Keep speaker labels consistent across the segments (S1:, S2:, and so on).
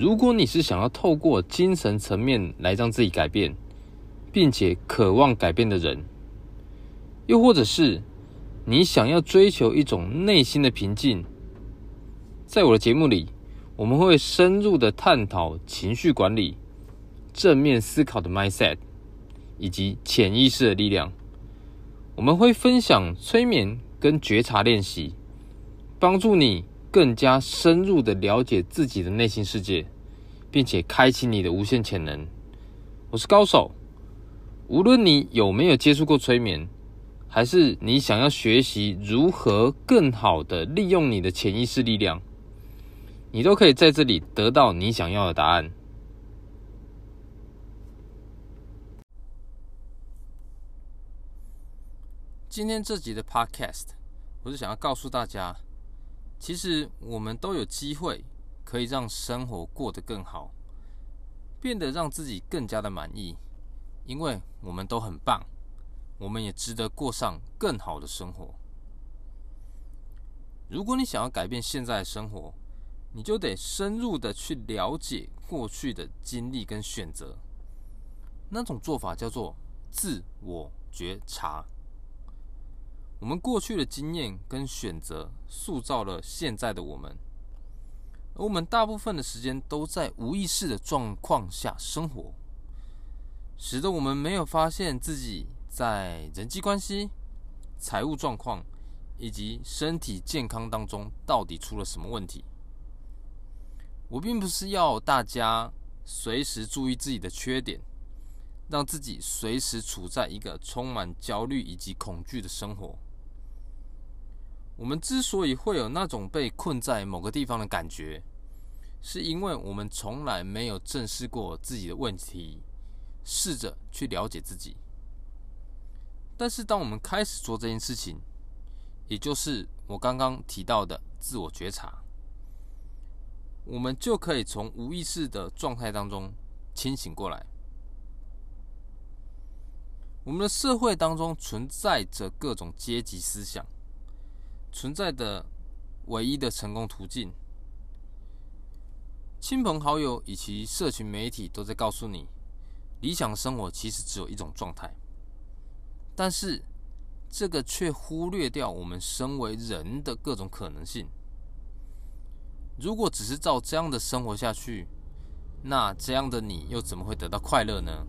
S1: 如果你是想要透過精神層面來讓自己改變，並且渴望改變的人，又或者是你想要追求一種內心的平靜，在我的節目裡，我們會深入的探討情緒管理、正面思考的 mindset 以及潛意識的力量。我們會分享催眠跟覺察練習，幫助你。更加深入的了解自己的內心世界，並且開啟你的無限潛能。我是高手，無論你有沒有接觸過催眠，還是你想要學習如何更好的利用你的潛意識力量，你都可以在這裡得到你想要的答案。今天這集的 Podcast，我是想要告訴大家，其實我們都有機會可以讓生活過得更好，變得讓自己更加的滿意，因為我們都很棒，我們也值得過上更好的生活。如果你想要改變現在的生活，你就得深入的去了解過去的經歷跟選擇，那種做法叫做自我覺察。我們過去的經驗跟選擇塑造了現在的我們，而我們大部分的時間都在無意識的狀況下生活，使得我們沒有發現自己在人際關係、財務狀況以及身體健康當中到底出了什麼問題。我並不是要大家隨時注意自己的缺點，讓自己隨時處在一個充滿焦慮以及恐懼的生活。我們之所以會有那種被困在某個地方的感覺，是因為我們從來沒有正視過自己的問題，試着去了解自己。但是，當我們開始做這件事情，也就是我剛剛提到的自我覺察，我們就可以從無意識的狀態當中清醒過來。我們的社會當中存在着各種階級思想。存在的唯一的成功途徑，親朋好友以及社群媒體都在告訴你，理想生活其實只有一種狀態。但是，這個卻忽略掉我們身為人的各種可能性。如果只是照這樣的生活下去，那這樣的你又怎麼會得到快樂呢？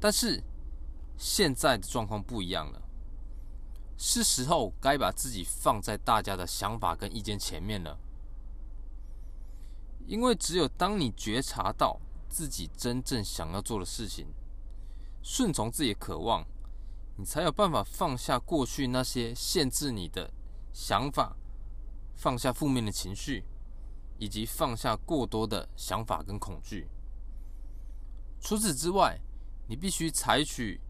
S1: 但是，現在的狀況不一樣了。是時候該把自己放在大家的想法跟意見前面了，因為只有當你覺察到自己真正想要做的事情，順從自己的渴望，你才有辦法放下過去那些限制你的想法，放下負面的情緒，以及放下過多的想法跟恐懼。除此之外，你必須採取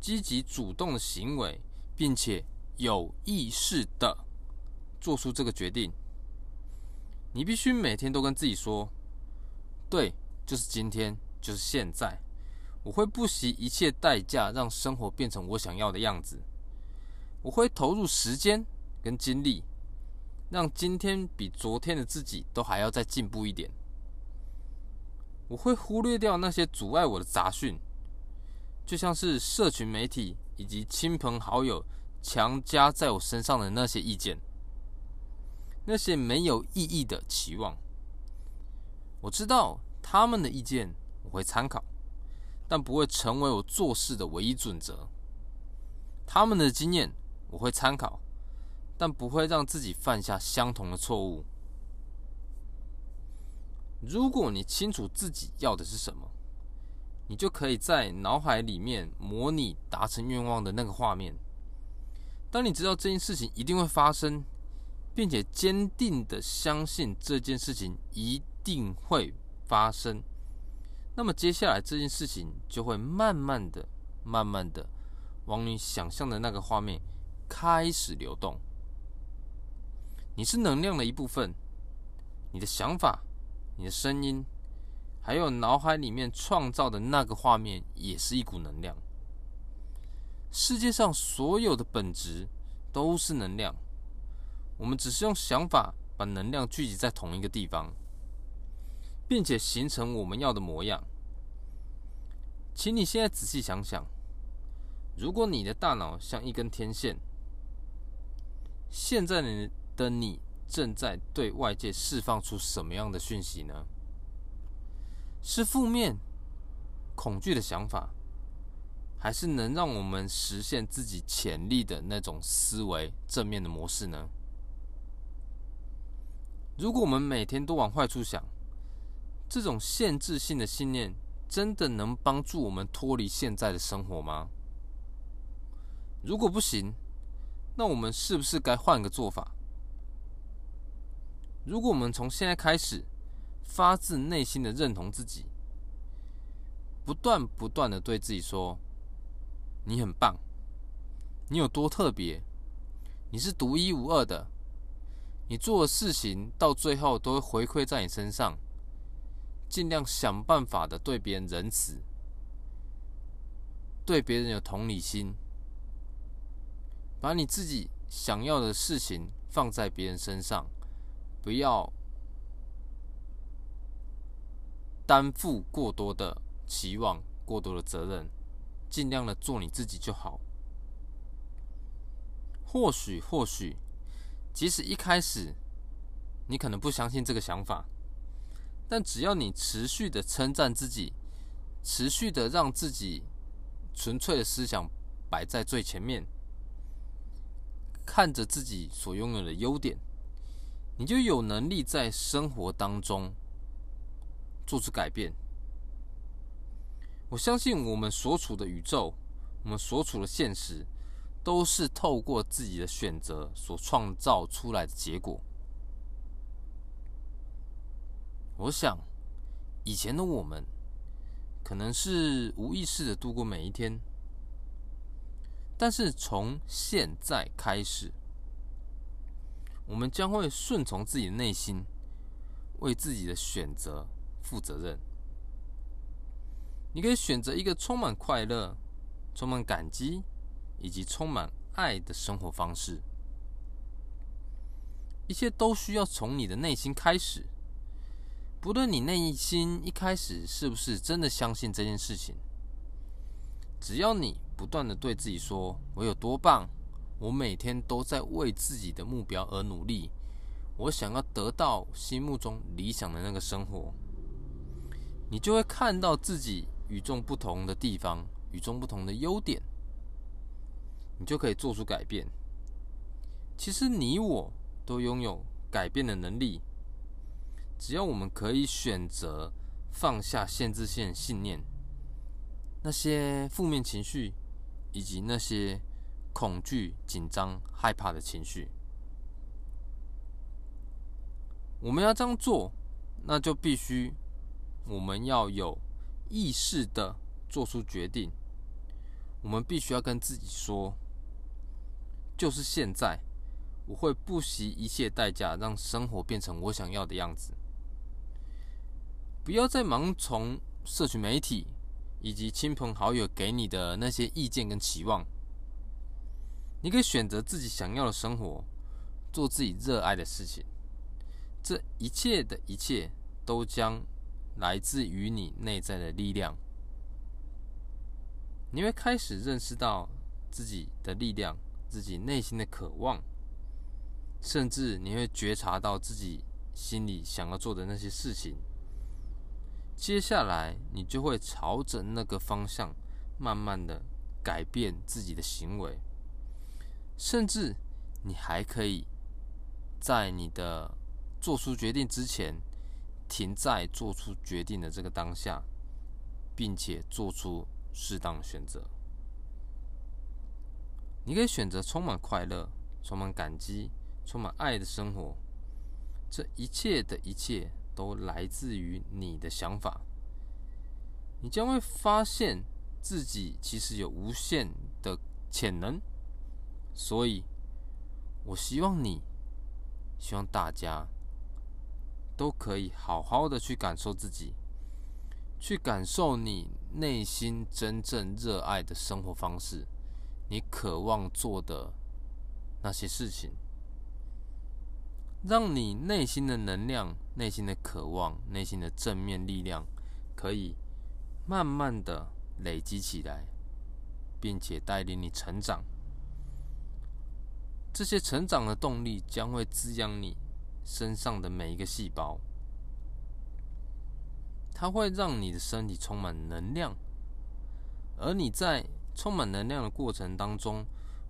S1: 積極主動的行為，並且。有意識的做出這個決定，你必須每天都跟自己說：“對，就是今天，就是現在，我會不惜一切代價讓生活變成我想要的樣子。我會投入時間跟精力，讓今天比昨天的自己都還要再進步一點。我會忽略掉那些阻礙我的雜訊，就像是社群媒體以及親朋好友。”強加在我身上的那些意見，那些沒有意義的期望。我知道他們的意見，我會參考，但不會成為我做事的唯一準則。他們的經驗我會參考，但不會讓自己犯下相同的錯誤。如果你清楚自己要的是什麼，你就可以在腦海裡面模擬達成願望的那個畫面。當你知道這件事情一定會發生，並且堅定的相信這件事情一定會發生，那麼接下來這件事情就會慢慢的、慢慢的往你想象的那個畫面開始流動。你是能量的一部分，你的想法、你的聲音，還有腦海裡面創造的那個畫面，也是一股能量。世界上所有的本質都是能量，我們只是用想法把能量聚集在同一個地方，並且形成我們要的模樣。請你現在仔細想想，如果你的大腦像一根天線，現在的你正在對外界釋放出什麼樣的訊息呢？是負面、恐懼的想法？還是能讓我們實現自己潛力的那種思維，正面的模式呢？如果我們每天都往壞處想，這種限制性的信念真的能幫助我們脫離現在的生活嗎？如果不行，那我們是不是該換個做法？如果我們從現在開始發自內心的認同自己，不斷不斷地對自己說，你很棒，你有多特別，你是獨一無二的。你做的事情到最後都會回饋在你身上。盡量想辦法的對別人仁慈，對別人有同理心，把你自己想要的事情放在別人身上，不要擔負過多的期望，過多的責任。盡量的做你自己就好。或許，或許，即使一開始你可能不相信這個想法，但只要你持續的稱讚自己，持續的讓自己純粹的思想擺在最前面，看着自己所擁有的優點，你就有能力在生活當中做出改變。我相信我們所處的宇宙，我們所處的現實，都是透過自己的選擇所創造出來的結果。我想，以前的我們，可能是無意識地度過每一天，但是從現在開始，我們將會順從自己的內心，為自己的選擇負責任。你可以選擇一個充滿快樂、充滿感激以及充滿愛的生活方式。一切都需要從你的內心開始，不論你內心一開始是不是真的相信這件事情，只要你不斷地對自己說“我有多棒”，“我每天都在為自己的目標而努力”，“我想要得到心目中理想的那個生活”，你就會看到自己。與眾不同的地方，與眾不同的優點，你就可以做出改變。其實你我都擁有改變的能力，只要我們可以選擇放下限制性信念，那些負面情緒，以及那些恐懼、緊張、害怕的情緒，我們要這樣做，那就必須我們要有意識地做出決定，我們必須要跟自己說，就是現在，我會不惜一切代價讓生活變成我想要的樣子。不要再盲從社群媒體以及親朋好友給你的那些意見跟期望。你可以選擇自己想要的生活，做自己熱愛的事情，這一切的一切都將。來自於你內在的力量，你會開始認識到自己的力量，自己內心的渴望，甚至你會覺察到自己心裡想要做的那些事情。接下來，你就會朝着那個方向，慢慢的改變自己的行為，甚至你還可以在你的做出決定之前。停在做出決定的這個當下，並且做出適當的選擇。你可以選擇充滿快樂、充滿感激、充滿愛的生活。這一切的一切都來自於你的想法。你將會發現自己其實有無限的潛能。所以，我希望你，希望大家。都可以好好的去感受自己，去感受你內心真正熱愛的生活方式，你渴望做的那些事情，讓你內心的能量、內心的渴望、內心的正面力量，可以慢慢的累積起來，並且帶領你成長。這些成長的動力將會滋養你。身上的每一個細胞，它會讓你的身體充滿能量，而你在充滿能量的過程當中，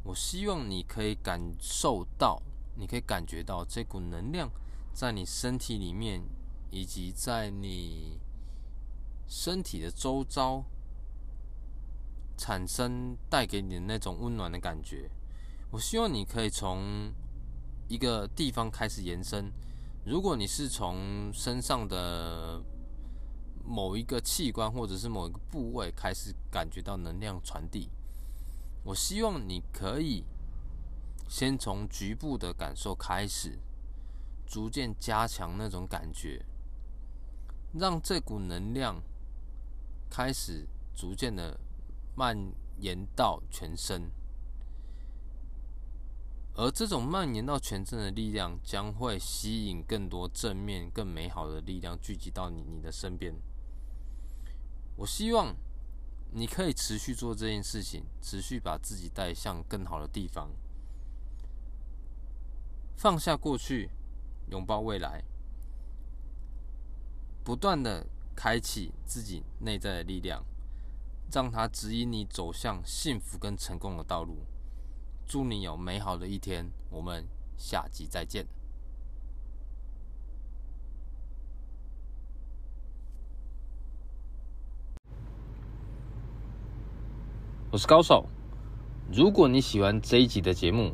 S1: 我希望你可以感受到，你可以感覺到這股能量在你身體裡面，以及在你身體的周遭產生帶給你的那種溫暖的感覺。我希望你可以從一個地方開始延伸，如果你是從身上的某一個器官或者是某一個部位開始感覺到能量傳遞，我希望你可以先從局部的感受開始，逐漸加強那種感覺，讓這股能量開始逐漸的蔓延到全身。而這種蔓延到全身的力量，將會吸引更多正面、更美好的力量聚集到你你的身邊。我希望你可以持續做這件事情，持續把自己帶向更好的地方，放下過去，擁抱未來，不斷的開啟自己內在的力量，讓它指引你走向幸福跟成功的道路。祝你有美好的一天，我們下集再見。我是高手。如果你喜歡這一集的節目，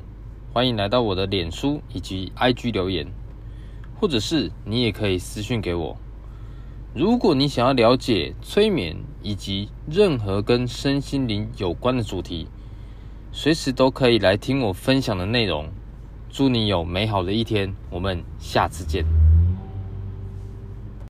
S1: 歡迎來到我的臉書以及 IG 留言，或者是你也可以私訊給我。如果你想要了解催眠以及任何跟身心靈有關的主題。隨時都可以來聽我分享的內容，祝你有美好的一天，我們下次見。